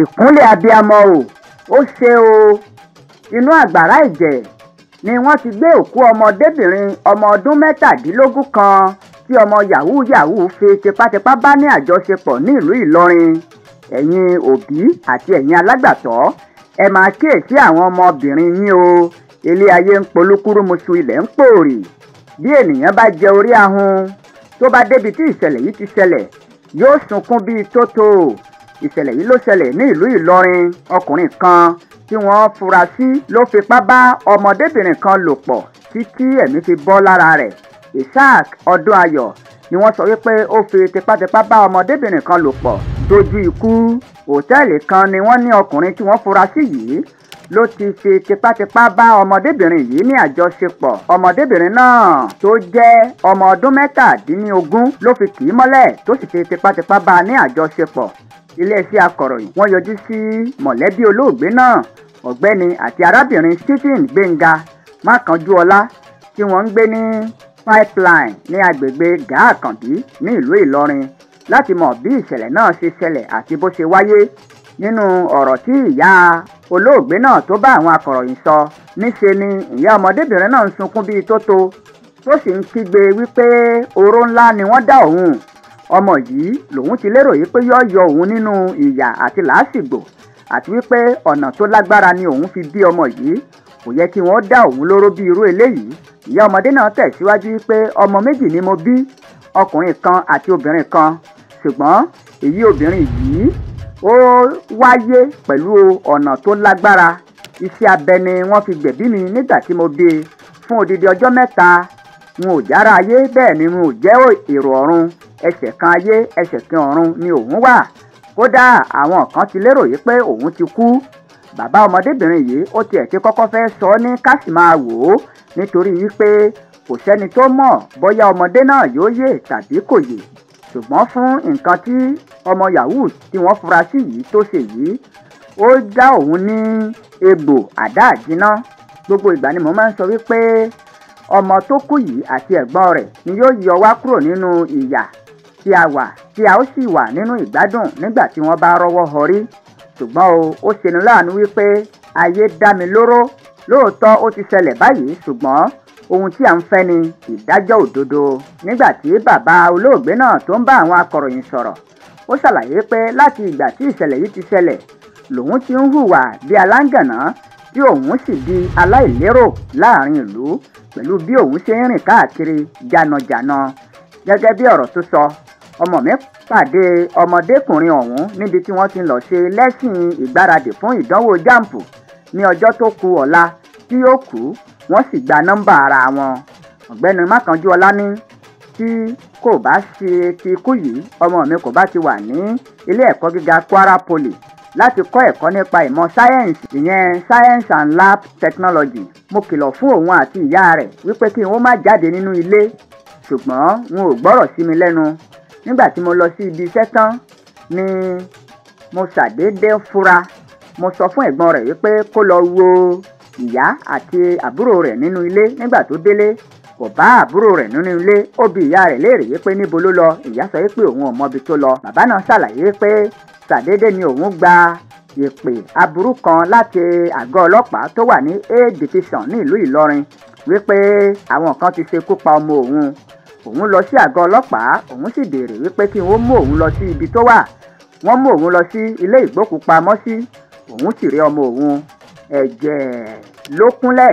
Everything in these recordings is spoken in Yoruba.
ìkúnlẹ̀ abiyamọ o ó ṣe o inú àgbàrá ìjẹ̀ ni wọ́n ti gbé òkú ọmọdébìnrin ọmọ ọdún mẹ́tàdínlógún kan tí ọmọ yahoo yahoo fi tipátipá bá ní àjọṣepọ̀ ní ìlú ìlọrin ẹ̀yin òbí àti ẹ̀yin alágbàtọ́ ẹ máa kíyèsí àwọn ọmọbìnrin yín o ilé ayé ń polúkúrúmuṣu ilẹ̀ ń pòòrì bí ènìyàn bá jẹ orí ahun tó bá débi tí ìṣẹ̀lẹ̀ yìí ti ṣẹlẹ̀ yóò sunkún bíi tótó ìṣẹ̀lẹ̀ yìí ló ṣẹlẹ̀ ní ìlú ìlọrin ọkùnrin kan tí wọ́n fura sí ló fipá bá ọmọdébìnrin kan lò pọ̀ títí ẹ̀mí fi bọ́ lára rẹ̀ isaac ọdún ayọ̀ ni wọ́n sọ wípé ó fi tipátipá bá ọmọdébìnrin kan lò pọ̀ dojú ikú òtẹ́ẹ̀lì kan ni wọ́n ní ọkùnrin tí wọ́n fura sí yìí ló ti fi tipátipá bá ọmọdébìnrin yìí ní àjọṣepọ̀ ọmọdébìnrin náà tó jẹ́ ọmọ ọdún mẹ́tàdínlógún ló fi kì í mọ́lẹ̀ tó sì fi tipátipá bá a ní àjọṣepọ̀ iléeṣẹ́ akọ̀ròyìn wọ́n yọjú sí mọ̀lẹ́bí olóògbé náà ọ̀gbẹ́ni àti arábìnrin stephen gbénga mákànjúọlá tí wọ́n ń gbé ní pipeline ní agbègbè gàákàndí ní ìlú ìlọrin láti mọ̀ bí ìṣẹ̀lẹ̀ náà ṣe ṣẹlẹ̀ àti bó ṣe wáyé nínú ọ̀rọ̀ tí ìyá olóògbé náà tó bá àwọn akọ̀ròyìn sọ níṣe ni ìyá ọmọdébìnrin náà ń sunkún bíi to tó sì ń kígbe wípé oró ńlá ni wọ́n dá òun ọmọ yìí lòun ti lérò yìí pé yọ yọ òun nínú ìyà àti làásìgbò àti wípé ọ̀nà tó lágbára ni òun fi bí ọmọ yìí kò yẹ kí wọ́n dá òun lóró bí irú eléyìí ìyá ọmọdé náà tẹ̀síwájú wípé ọmọ méjì ni mo bí ọkùnrin kan àti obìnrin kan ṣùgbọ́n èyí obìnrin yìí ó wáyé pẹ̀lú ọ̀nà tó lágbára iṣẹ́ abẹ ni wọ́n fi gbẹ̀bí mi nígbà tí mo bí fún odidi ọjọ́ mẹ́ta n ò jára ayé bẹ́ẹ̀ ni n ò jẹ́ èrò ọ̀run ẹsẹ̀ kan ayé ẹsẹ̀ kan ọ̀run ni òun wà kódà àwọn kan ti lérò yìí pé òun ti kú bàbá ọmọdébìnrin yìí ó tiẹ̀ ti kọ́kọ́ fẹ́ sọ ní ká sì máa wò ó nítorí wípé kò sẹ́ni tó mọ̀ bóyá ọmọdé náà yóò yè tàbí kò yè ṣùgbọ́n fún nǹkan tí ọmọ yahoo tí wọ́n fura sí yìí tó ṣe yìí ó dá òun ní egbò àdá gbogbo ìgbà ni mo máa ń sọ wípé ọmọ tó kú yìí àti ẹ̀gbọ́n rẹ̀ ni yóò yọ wá kúrò nínú ìyà tí a wà tí a ó sì wà nínú ìgbádùn nígbà tí wọ́n bá rọ́wọ́ họrí ṣùgbọ́n o ó ṣeni láàánú wípé ayé dá mi lóró lóòótọ́ ó ti ṣẹlẹ̀ báyìí ṣùgbọ́n ohun tí à ń fẹ́ ni ìdájọ́ òdodo nígbà tí bàbá olóògbé náà tó ń bá àwọn akọ̀ròyìn sọ̀rọ̀ ó ṣàlàyé pé láti ìgbà tí ìṣẹ̀lẹ̀ yìí ti ṣẹlẹ̀ lòun ti ń hùwà bí aláǹgànná tí òun sì di aláìlérò láàrin ìlú pẹ̀lú bí òun ṣe ń rìn káàkiri jànàjànà gẹ́gẹ́ bí ọ̀rọ̀ tó sọ ọmọ mi pàdé ọmọdékùnrin ọ̀hún níbi tí wọ́n ti lọ ṣe lẹ́sìn ìgbáradì fún ìdánwò jáǹpù ní ọjọ́ tó ku ọ̀la tí yóò kú wọ́n sì gba nọ́mbà ara wọn ọ̀gbẹ́ni mákànjú ọlá ní tí kò bá ṣe ti kú yìí ọmọ mi kò bá ti wà ní ilé ẹ̀kọ́ gíga kwara poli. láti kọ́ ẹ̀kọ́ nípa ìmọ̀ sáyẹ́ǹsì ìyẹn science and lab technology mo kìlọ̀ fún òun àti ìyá rẹ̀ wípé kí wọ́n má jáde nínú ilé ṣùgbọ́n wọn ò gbọ́rọ̀ sí mi lẹ́nu nígbà tí mo lọ sí ibi iṣẹ́ tán ni mo ṣàdédé fura mo sọ fún ẹ̀gbọ́n rẹ̀ wípé kó lọ wo ìyá àti àbúrò rẹ̀ nínú ilé nígbà tó délé kò bá àbúrò rẹ̀ nínú ilé ó bi ìyá rẹ̀ léèrè wípé níbo ló lọ ìyá sọ wípé òun ò mọbi tó lọ bàbá náà ṣàlàyé pé ṣàdédé ni òun gba ìpè aburú kan láti àgọ́ ọlọ́pàá tó wà ní a division ní ìlú Ìlọrin wípé àwọn kan ti ṣekú pa ọmọ òun òun lọ sí àgọ́ ọlọ́pàá òun sì béèrè wípé kí wọ́n mú òun lọ sí ibi tó wà wọ́n mú òun lọ sí ilé ìgbókùpamọ́sí òun sì rí ọmọ òun ẹ̀jẹ̀ ló kúnlẹ̀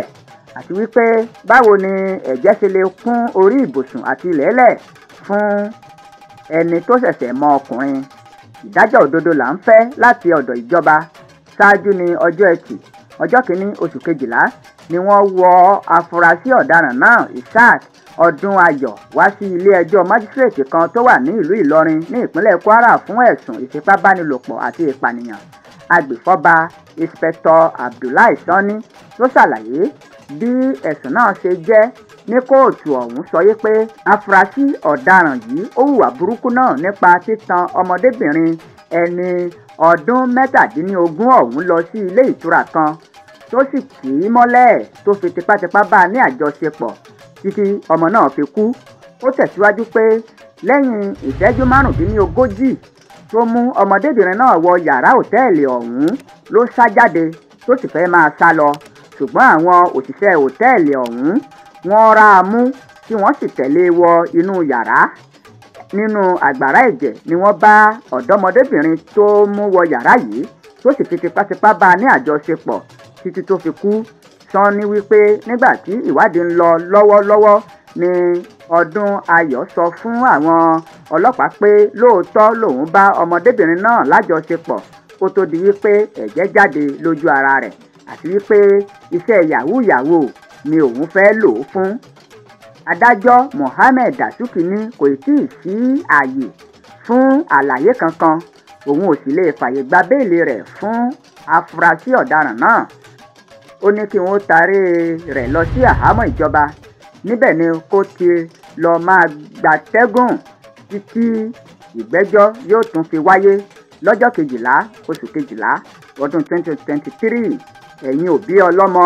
àti wípé báwo ni ẹ̀jẹ̀ ṣe lè kún orí ìbùsùn àti ilẹ̀ẹ́lẹ̀ fún ẹni tó ṣẹ̀ṣẹ̀ mọ ọkùnrin ìdájọ́ òdodo là ń fẹ́ láti ọ̀dọ̀ ìjọba ṣáájú ní ọjọ́ ẹtì ọjọ́ kìíní oṣù kejìlá ni wọ́n wọ afurasí ọ̀daràn náà Isiaq ọdún ayọ̀ wá sí ilé ẹjọ́ májísírèètì kan tó wà ní ìlú ìlọrin ní ìpínlẹ̀ kwara fún ẹ̀sùn ìfipábánilòpọ̀ àti ìpànìyàn agbèfọ́ba inspector abdullahi sanni ló ṣàlàyé bí ẹ̀sùn náà ṣe jẹ́ ní kóòtù ọ̀hún sọ yé pé afurasí ọ̀daràn yìí ó hùwà burúkú náà nípa títan ọmọdébìnrin ẹni ọdún mẹ́tàdínlógún ọ̀hún lọ sí ilé ìtura kan tó sì kì í mọ́lẹ̀ tó fi tipátipá bá a ní àjọṣepọ̀ títí ọmọ náà fi kú ó tẹ̀síwájú pé lẹ́yìn ìṣẹ́jú márùndínlógójì tó mú ọmọdébìnrin náà wọ yàrá òtẹ́ẹ̀lì ọ̀hún ló sá jáde tó sì fẹ́ máa sá lọ ṣùgbọ́n àwọn òṣìṣẹ́ òtẹ́ẹ̀lì ọ̀hún wọ́n rá a mú tí wọ́n sì tẹ̀lé e wọ inú yàrá nínú àgbàrá ẹ̀jẹ̀ ni wọ́n bá ọ̀dọ́mọdébìnrin tó mú wọ yàrá yìí tó sì fi tipátipá bá a ní àjọṣepọ̀ títí tó fi kú Ṣán ní wípé nígbà tí ìwádìí ń lọ lọ́wọ́lọ́wọ́ ni ọdún ayọ̀ sọ fún àwọn ọlọ́pàá pé lóòótọ́ lòun bá ọmọdébìnrin náà lájọṣepọ̀ kó tó di wípé ẹ̀jẹ̀ jáde lójú ara rẹ̀ àti wípé iṣẹ́ yahoo yahoo ni òun fẹ́ lò ó fún. adájọ́ Mohammed Dasuki ní kò tí ì sí ààyè fún àlàyé kankan òun ò sì lè fàyè gba béèlì rẹ̀ fún afurasí ọ̀daràn náà ó ní kí wọ́n taari rẹ̀ lọ sí àhámọ́ ìjọba níbẹ̀ ni kó ti lọ́ọ́ máa gbatẹ́gùn títí ìgbẹ́jọ́ yóò tún fi wáyé lọ́jọ́ kejìlá oṣù kejìlá ọdún twenty twenty three ẹ̀yin òbí ọlọ́mọ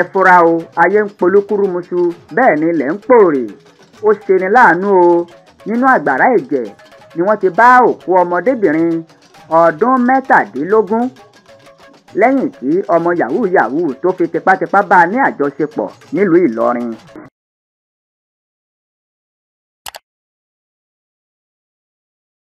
ẹ fura o ayé ń polúkúrúmuṣu bẹ́ẹ̀ ni ilẹ̀ ń pòòrè ó ṣeni láàánú o nínú àgbàrá ẹ̀jẹ̀ ni wọ́n ti bá òkú ọmọdébìnrin ọdún mẹ́tàdínlógún lẹ́yìn tí ọmọ yahoo yahoo tó fi tipátipá bá a ní àjọṣepọ̀ nílùú ìlọrin